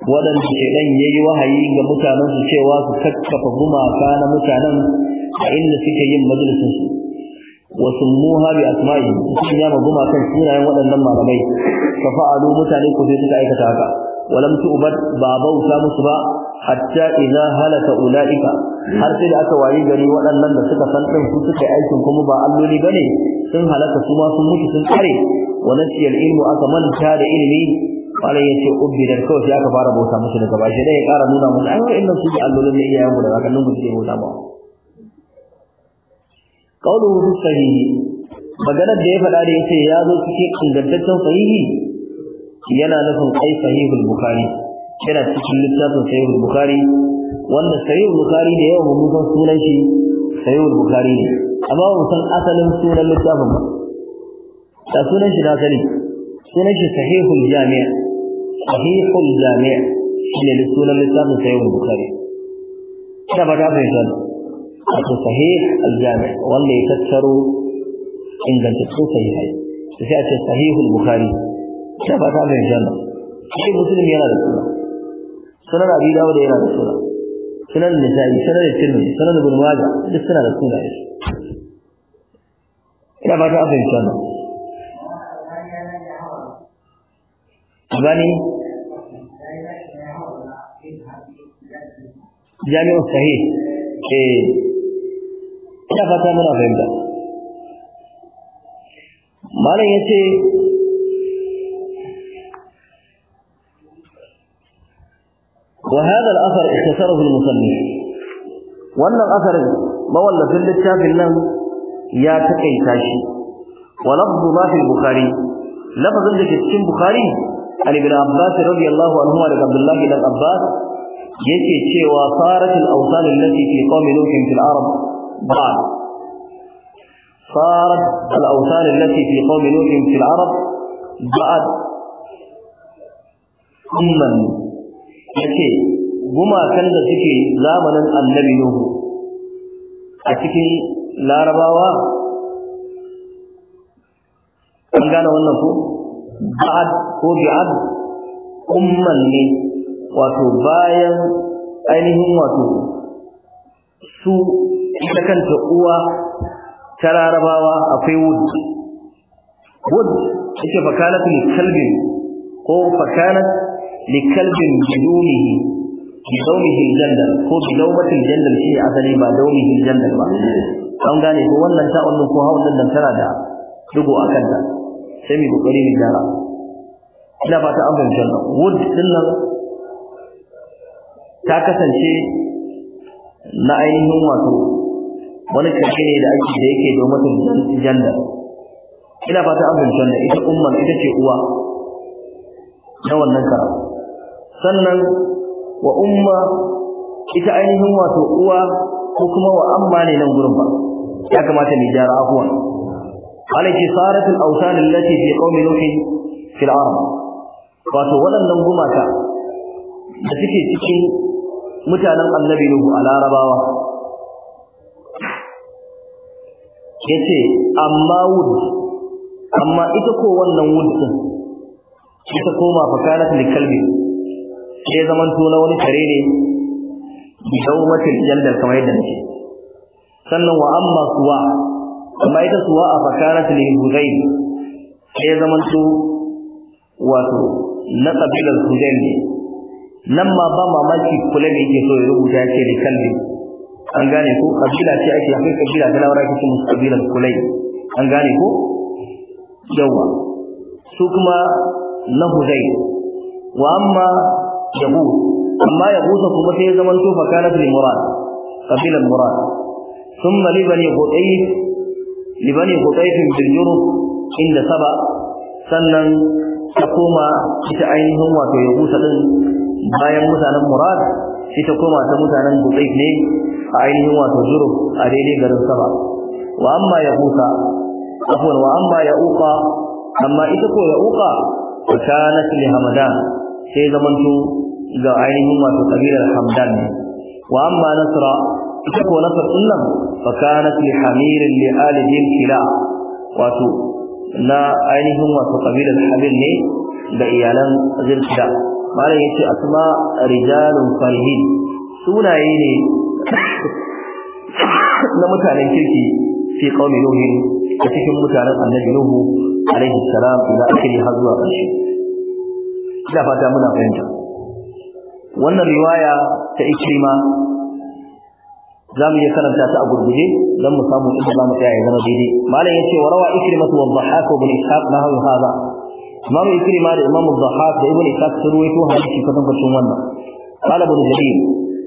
waɗanda shaidan ya yi wahayi ga mutanensu cewa su kakkafa gumaka na mutanen a inda suke yin majalisin su wa summuha bi asma'i sun ya maguma kan sunayen waɗannan malamai fa fa'alu mutane ko suka aikata haka walam tu'bad ba bauta musu ba hatta idza halaka ulaika har sai da aka wayi gari waɗannan da suka san din su suka aikin kuma ba alloli bane sun halaka su ma sun mutu sun tsare wa nasiyal ilmu aka manta da ilimi kare yace ubbi da kawai sai aka fara bauta musu daga bashi dai ya ƙara nuna musu ai wa'annan su ji allolin ne iyayen mu da kakannin mu suke bauta ba qawluhu fi sahihi maganar da ya faɗa da yace ya zo cikin ingantaccen sahihi yana nufin ai sahihul bukhari yana cikin littafin sahihul bukhari wanda sahihul bukhari da yawa mun san sunan shi sahihul bukhari ne amma mun san asalin sunan littafin da sunan shi na sani sunan shi sahihul jami' shi ne sunan wato sahih al wanda ya tattaro ingantattun sahihai sai a ce sahihul bukhari ta ba ta mai jana sai muslim yana da suna sunan abi dawud yana da suna sunan nisa'i sunan tirmidhi sunan ibn majah duk suna da suna ina ba ta mai jana gani jami'u sahih eh ina fata muna fahimta ce wa hada al'asar ikkasar hul wannan asarin mawallafin littafin ya taƙaita shi wa lafzu ma fil bukhari lafazin da ke cikin bukhari an ibn abbas radiyallahu anhu daga abdullahi ibn abbas yake cewa saratul awsal allati fi qawmi lutin fil بعد صارت الأوثان التي في قوم نوح في العرب بعد أما لكي بما كان لكي زامنا النبي نوح أتكي لا رباوة أم كان ونفو بعد هو بعد أما لي وتبايا أنهم وتبايا سوء ita kanta uwa ta larabawa akwai wud wud ita fakanat li kalbin ko fakanat li kalbin bidumihi bidaumihi aljanna ko bidawmati aljanna shi asali ba daumihi aljanna ba an gane ko wannan ta wannan ko hawan nan tana da dugo akan ta sai mu kokari mu gyara ina fata an fahimci wannan wud din nan ta kasance na ainihin wato wani kashe ne da ake da yake domin janda ina fata an fahimci wannan ita umman ita ce uwa na wannan kara sannan wa umma ita ainihin wato uwa ko kuma wa amma ne nan gurin ba ya kamata mu jara afuwa alaki saratul awsan allati fi qaumi nuh fi al-arab wato waɗannan gumaka da suke cikin mutanen annabi nuhu a larabawa yace amma wud amma ita ko wannan wud din ita koma fakarat kalbi sai zaman to na wani kare ne dawmatil jaldal kamar yadda nake sannan wa amma suwa amma ita suwa a fakarat hudai, sai zaman to wato na kabilar huzayn ne nan ma ba mamaki kula da yake so ya rubuta ce kalbi an gane ko kabila ce ake akwai kabila ta lawara kike musu kabilar kulai an gane ko yawa su kuma na hudai wa amma yahud amma yahud kuma sai zaman to fa kana bil murad kabilar murad thumma li bani hudai li bani hudai bil yurub inda saba sannan ta koma ita ainihin wato yahud din bayan mutanen murad ita koma ta mutanen Buzaif ne a ainihin wato Zuru a daidai garin Saba wa amma ya uka afwan wa amma ya uka amma ita ko ya uka kanat li Hamadan sai zamanto ga ainihin wato kabilar Hamdan ne wa amma Nasra ita ko Nasr din nan fa kanat li da li ali bin Kila wato na ainihin wato kabilar Hamil ne da iyalan Zilkida malam yace asma rijalun farihin sunaye ne na mutanen kirki fi qaumi nuhi a cikin mutanen annabi nuhu alaihi salam ila akhiri har zuwa ƙarshe ina fata muna fahimta wannan riwaya ta ikrima za mu iya karanta ta a gurguje don mu samu inda za mu tsaya ya zama daidai malam yace wa rawa ikrimatu wa dhahhak ibn ishaq nahu hadha imam ikrima da imam zahab da ibn ishaq sun ruwaito hadisi kadan kwacin wannan qala ibn jarir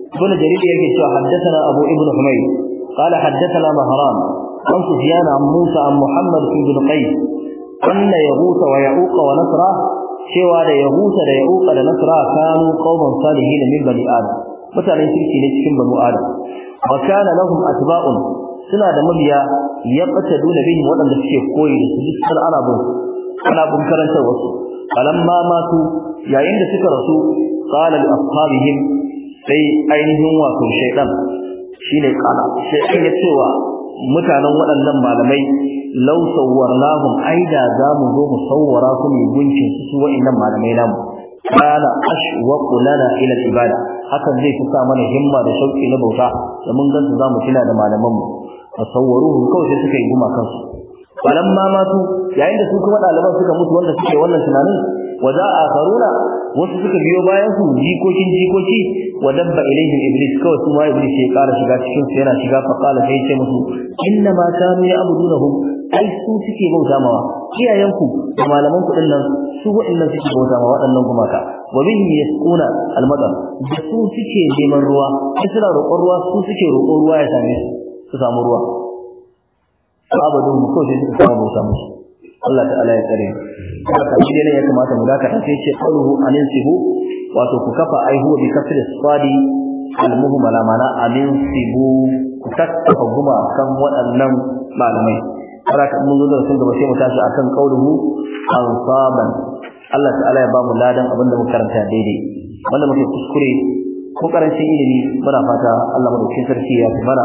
ibn jarir yake cewa haddathana abu ibn humayd qala haddathana mahran an sufyan an musa an muhammad ibn qais anna yahuta wa yauqa wa nasra cewa da yahuta da yauqa da nasra kanu qauman min bani adam mutanen kirki ne cikin bani adam wa kana lahum suna da mabiya ya fata dole bin waɗanda suke koyi da duk ana bin ana bin karantar wasu falamma matu yayin da suka rasu qala li ashabihim sai ainihin wato shaytan shine qala sai ya cewa mutanen waɗannan malamai law sawwarnahum aida za mu zo mu sawwara su mu gunkin su su waɗannan malamai namu qala ashwaqu lana ila ibada hakan zai fi sa mana himma da shauki na bauta da mun ganta za mu tuna da malaman mu tasawwaruhu kawai sai suka yi guma kansu falamma matu yayin da su kuma ɗaliban suka mutu wanda suke wannan tunanin wa za karuna wasu suka biyo bayan su jikokin jikoki wa dabba ilaihim iblis kawai su ma iblis ya ƙara shiga cikin su yana shiga fa qala sai ce musu inna ma kanu ya'budunahum ai su suke bauta mawa iyayenku da malaman ku dinnan su wa'annan suke bauta mawa waɗannan gumaka wa bihim yasquna almadar da su suke neman ruwa sai suna roƙon ruwa su suke roƙon ruwa ya same su su samu ruwa babu don ko sai suka fara bauta musu Allah ta'ala ya tsare haka shi ne ya kamata mu dakata sai ce qawluhu aninsibu wato ku kafa ai huwa bi kasri sadi al-muhmala mana aninsibu ku tattafa guma kan waɗannan malamai kan mun zo da sun gaba sai mu tashi akan qawluhu ansaban Allah ta'ala ya ba mu ladan abinda muka karanta daidai wanda muke kuskure ko karancin ilimi muna fata Allah madaukakin sarki ya fi mana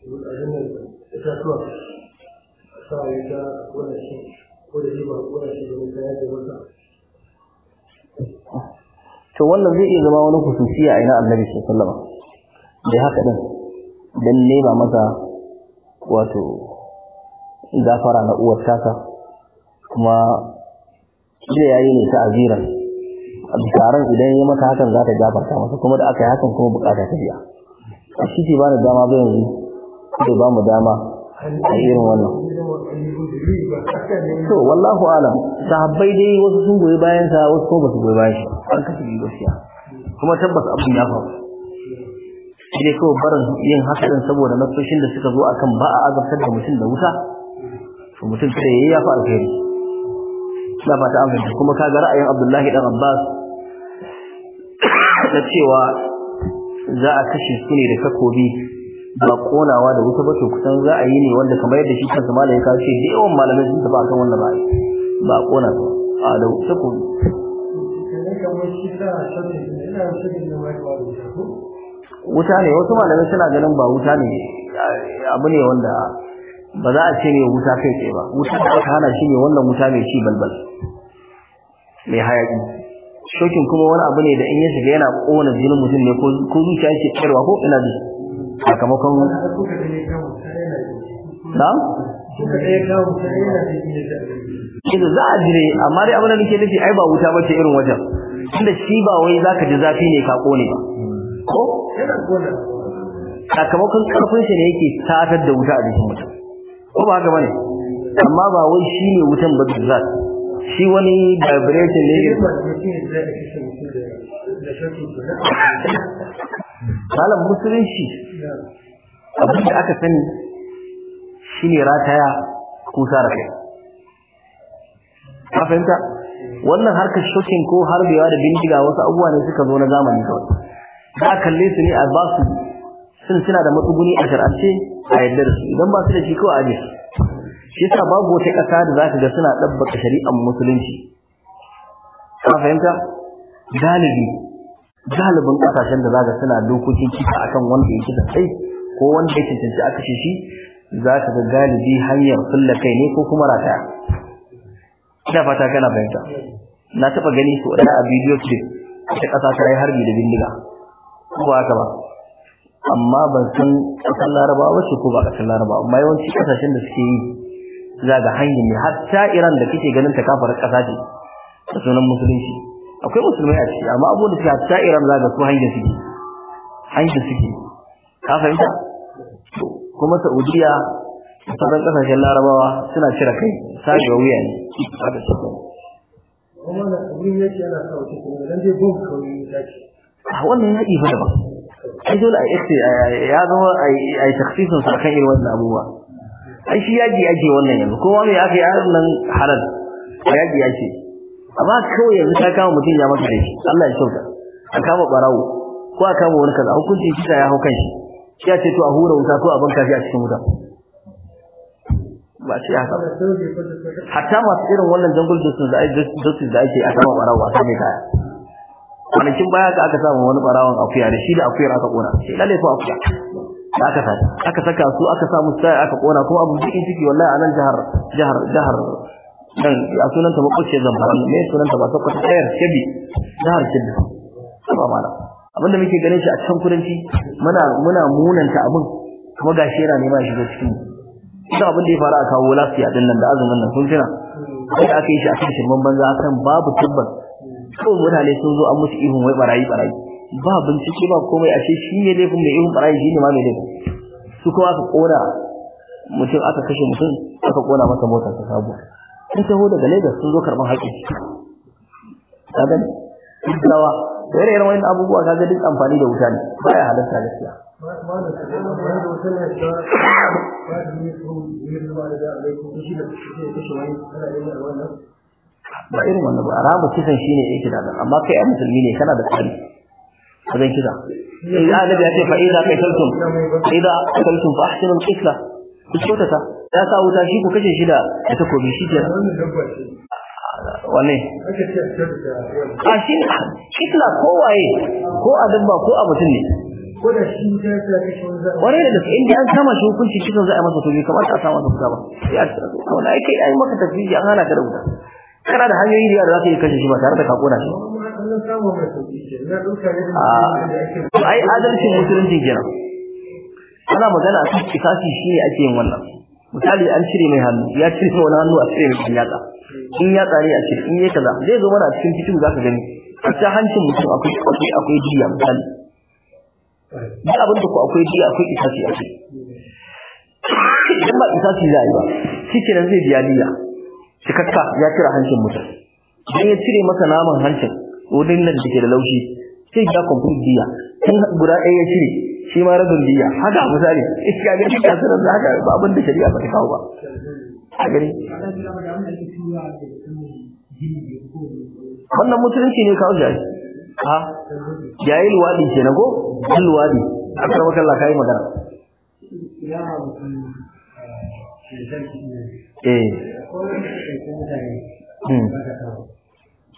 itatuwa a sa wuta ta kona shi ko da shi ba a kona shi domin ta yake wata to wannan zai iya zama wani kususiya a ina annabi Sallama? alaihi da haka din dan ba masa wato gafara na uwar tasa kuma da yayi ne ta a taron idan ya mata hakan za ta gafarta masa kuma da aka yi hakan kuma bukata ta biya a shi ba da dama ba yanzu sai ba mu dama a irin wannan to wallahu alam sahabbai dai wasu sun goyi bayan sa wasu ko basu goyi bayan shi an kasu bi gaskiya kuma tabbas abin ya faru shi ne kawai barin yin hakarin saboda nasoshin da suka zo akan ba a azabtar da mutum da wuta to mutum kada yayi ya fa alheri da ba ta azabta kuma ka ga ra'ayin Abdullahi dan Abbas da cewa za a kashe su ne da takobi ba konawa da wuta ba to kusan yi ne wanda kamar yadda shi kansa da ya kace da yawan malamai sun tafi akan wannan ra'ayi ba kona ba a da wuta ko wuta ne wasu malamai suna ganin ba wuta ne abu ne wanda ba za a ce ne wuta kai tsaye ba wuta da aka hana shi ne wannan wuta mai ci balbal mai hayaki shokin kuma wani abu ne da in ya shiga yana kona jinin mutum ne ko zuciya yake tsayarwa ko ina da sakamakon na'am za a jire amma dai abin da nake nufi ai ba wuta ba ce irin wajen inda shi ba wai zaka ji zafi ne ka kone ba ko sakamakon karfin shi ne yake tatar da wuta a jikin mutum ko ba haka bane amma ba wai shi ne wutan ba zafi shi wani vibration ne malam musulunci abin da aka sani shine rataya ko sara kai ka fahimta wannan harkar shokin ko harbewa da bindiga wasu abubuwa ne suka zo na zamani kawai za a kalle su ne a ba su sun suna da matsuguni a shar'ance a yadda da su idan ba su da shi kawai a ne shi yasa babu wata ƙasa da za ka ga suna ɗabbaka shari'ar musulunci ka fahimta galibi galibin kasashen da za ka suna dokokin kisa akan wanda yake da sai ko wanda yake tantance aka ce shi za ka ga galibi hanyar sulla kai ne ko kuma rata ina fata kana fahimta na taba gani su da a bidiyo clip ta kasa ta rai harbi da bindiga ko ba haka ba amma ban san kasar larabawa ba ce ko ba kasar larabawa amma yawanci kasashen da suke yi za ga hanyar ne hatta iran da kake ganin ta kafar kasa ce da sunan musulunci akwai musulmai a ciki amma abubuwan da suke hatta iran za ga su hanya suke hanya suke ka fahimta kuma saudiya da sauran kasashen larabawa suna cire kai sajewa wuya ne a da su wannan yaƙi fa daban ai dole a yi ya zama a yi taksisin sa kan irin wannan abubuwa ai shi yaƙi ake wannan yanzu kowa mai aka yi nan halal a yaƙi ake amma kawai yanzu ka kama mutum ya maka laifi Allah ya shauka a kama ɓarawo ko a kama wani kaza hukuncin kisa ya hau kanshi shi ya ce to a hura wuta ko a banka shi a cikin wuta ba shi haka hatta masu irin wannan jangul justice da ake a kama ɓarawo a kame kaya kwanakin baya ka aka samu wani ɓarawon akuya da shi da akuyar aka ƙona, sai lalle ko akuya da aka sa aka saka su aka samu sai aka ƙona ko abu jikin ciki wallahi a nan jihar jihar jihar dan a sunan ta makwacce zamfara ne sunan ta ba ta kwata tsayar kebi har kebbi ba na abinda muke ganin shi a cikin kudanci muna muna munanta abin kuma gashi yana shi ga cikin ita abin da ya fara a kawo lafiya din nan da azumin nan sun tuna sai aka yi shi a cikin shirman banza akan babu tabbas ko mutane sun zo an musu ihun wai barayi barayi ba bincike ba komai ashe shi ne laifin da ihun barayi shi ne ma mai laifin su kuma aka kora mutum aka kashe mutum aka kona masa motar ta sabuwa sun taho daga Lagos sun zo karban haƙƙi ka gani dawa da irin irin wani abubuwa ka ga duk amfani da wuta ne ba baya halarta gaskiya ba irin wannan ba ramu kisan shi ne yake da amma kai a musulmi ne kana da tsari zai kisa idan eh, annabi ya ce fa idza qaitaltum idza qaitaltum fa ahsinu al-qisla ku kyautata ya sa wuta shi ku kashe shi da takobi shi ke wane a shi kitla kowaye ko a dabba ko a mutum ne wani da gaske inda an kama shi hukunci cikin za a masa tobi kamar ta samu masa ba ya ce wani aiki ai maka tafiya an hana ka da wuta kana da hanyoyi da za ka yi kashe shi ba tare da ka kona shi ai adalcin musulunci kenan ana magana a cikin kashi shi ne ake yin wannan misali an cire mai hannu ya cire wani hannu a cire mai yatsa in yatsa ne a cire in yayi kaza zai zo mana a cikin za ka gani A hatta hancin mutum akwai akwai akwai jiya misali ba abin da ku akwai jiya akwai isasi a ciki idan ba isaci za a yi ba shi zai biya diya cikakka ya cire hancin mutum idan ya cire masa naman hancin wurin nan da ke da laushi sai ya kwamfi jiya in guda ɗaya ya cire shi ma rabin biya haka misali iska ga cikin sanar da haka ba abin da shari'a ba ta kawo ba a gari wannan mutunci ne kawo jari ha yayi luwadi ke na go an luwadi a karbar kalla kayi magana eh. hmm.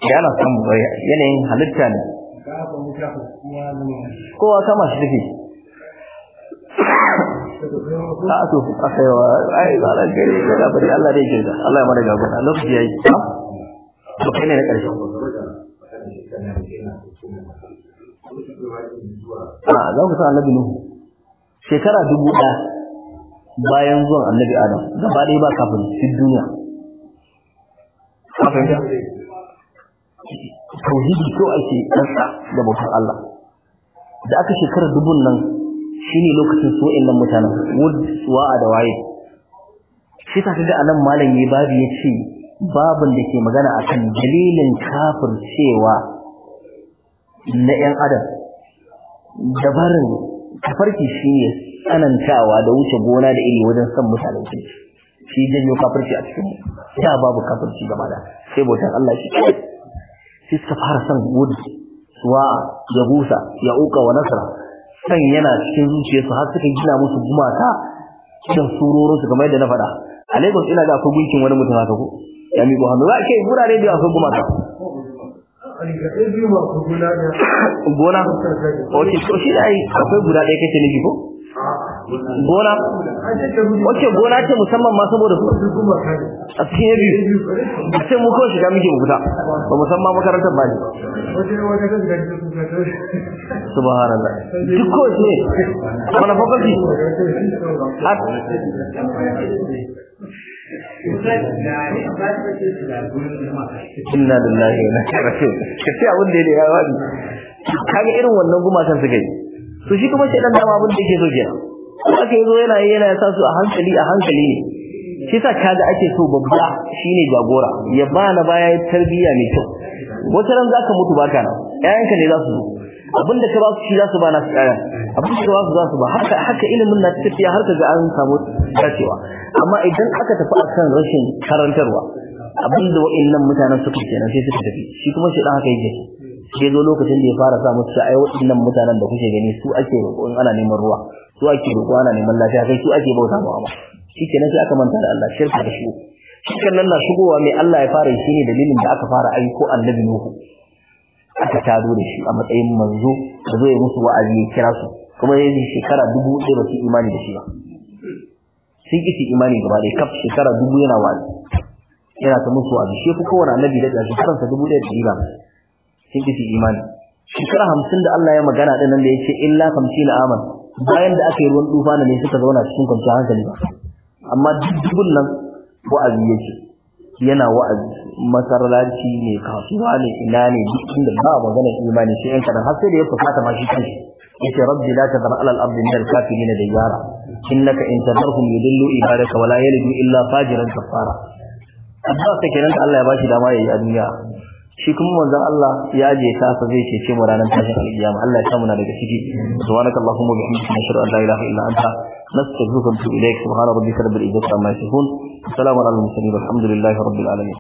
Ya na samu eh, yanayin halitta ne kowa kama shi take a to akai wa ai ba da gare Allah dai girga Allah ya mara gaba lokaci yayi to kai ne na karshe a za ku nuhu shekara dubu ɗaya bayan zuwan annabi adam gaba ɗaya ba kafin duk duniya kafin ta tauhidi ko ake ɗansa da bautar Allah da aka shekara dubun nan Shi ne lokacin su wa'annan mutanen wud suwa'a da waye shi ta kaga anan malam yayi babu yace babun da ke magana akan dalilin kafir cewa na yan adam dabarin kafarki ne tsanantawa da wuce gona da iri wajen san mutane. kirki shi janyo kafirci a cikin da babu kafirci gaba da sai bautan Allah shi shi ta fara san wud suwa ya busa ya uka wa nasara san yana cikin zuciyarsu har suka gina musu gumata cikin surorinsu kamar yadda na faɗa a lagos ina ga akwai gunkin wani mutum haka ko ya miƙo hannu za a ce gurare da akwai gumata gona ok so shi da akwai guda ɗaya kake nufi ko gona wace gona ce musamman ma saboda a cikin yabi a ce mu kawai shiga muke fita ba musamman makarantar ba ne subhanallah duk kawai ne wani fafafi inna lillahi wa inna ilaihi raji'un kace abin da ya yi wani kaga irin wannan gumakan su gai su shi kuma sai dan dama abun da yake so kenan yi zo yana yi yana sa su a hankali a hankali ne shi sa kaga ake so babba shine jagora ya ba na baya tarbiyya mai kyau wata ran zaka mutu baka na. ƴaƴanka ne za su zo abinda ka ba su shi za su ba na su abin da ka ba su za su ba haka haka ilimin na tafiya har ka ga an samu dacewa amma idan aka tafi akan rashin karantarwa abin da wa'annan mutanen suka kenan sai suka tafi shi kuma shi dan haka yake sai zo lokacin da ya fara sa musu ai waɗannan mutanen da kuke gani su ake roƙo in ana neman ruwa su ake roƙo na neman lafiya kai su ake bauta ma ba shikenan sai aka manta da Allah shirka da shi shikenan na shigowa mai Allah ya fara shi ne dalilin da aka fara ko annabi Nuhu aka tado da shi a matsayin manzo da zai musu wa'azi ya kira su kuma yayin shekara dubu ɗaya ba su imani da shi ba sun ki imani gaba ɗaya kaf shekara dubu yana wa'azi yana ta musu wa'azi shi fi kowane annabi da ɗaya shekaransa dubu ɗaya da ɗari ba sun ki imani shekara hamsin da Allah ya magana ɗin nan da ya ce illa kamshi na aman bayan da aka yi ruwan tufana ne suka zauna cikin kwanciyar hankali ba amma duk dubun nan wa'azi ce. yana wa'azi masallaci ne kasuwa ne ina ne duk inda ba magana imani sai yan kadan har sai da ya fusata ma shi kanshi yace rabbi la tadar ala al-ardi min al-kafirin da yara innaka in tadarhum yudillu ibadaka wa la yalidu illa fajiran kafara addu'a ta kenan Allah ya bashi dama yayi a duniya shi kuma manzon Allah ya aje ta fa zai ce ce mu ranar tashin alƙiyama Allah ya samu na daga ciki subhanaka allahumma bihamdika nashhadu an la ilaha illa anta nastaghfiruka wa natubu ilayk subhana rabbika rabbil izzati amma yasifun salamun alal mursalin walhamdulillahi rabbil alamin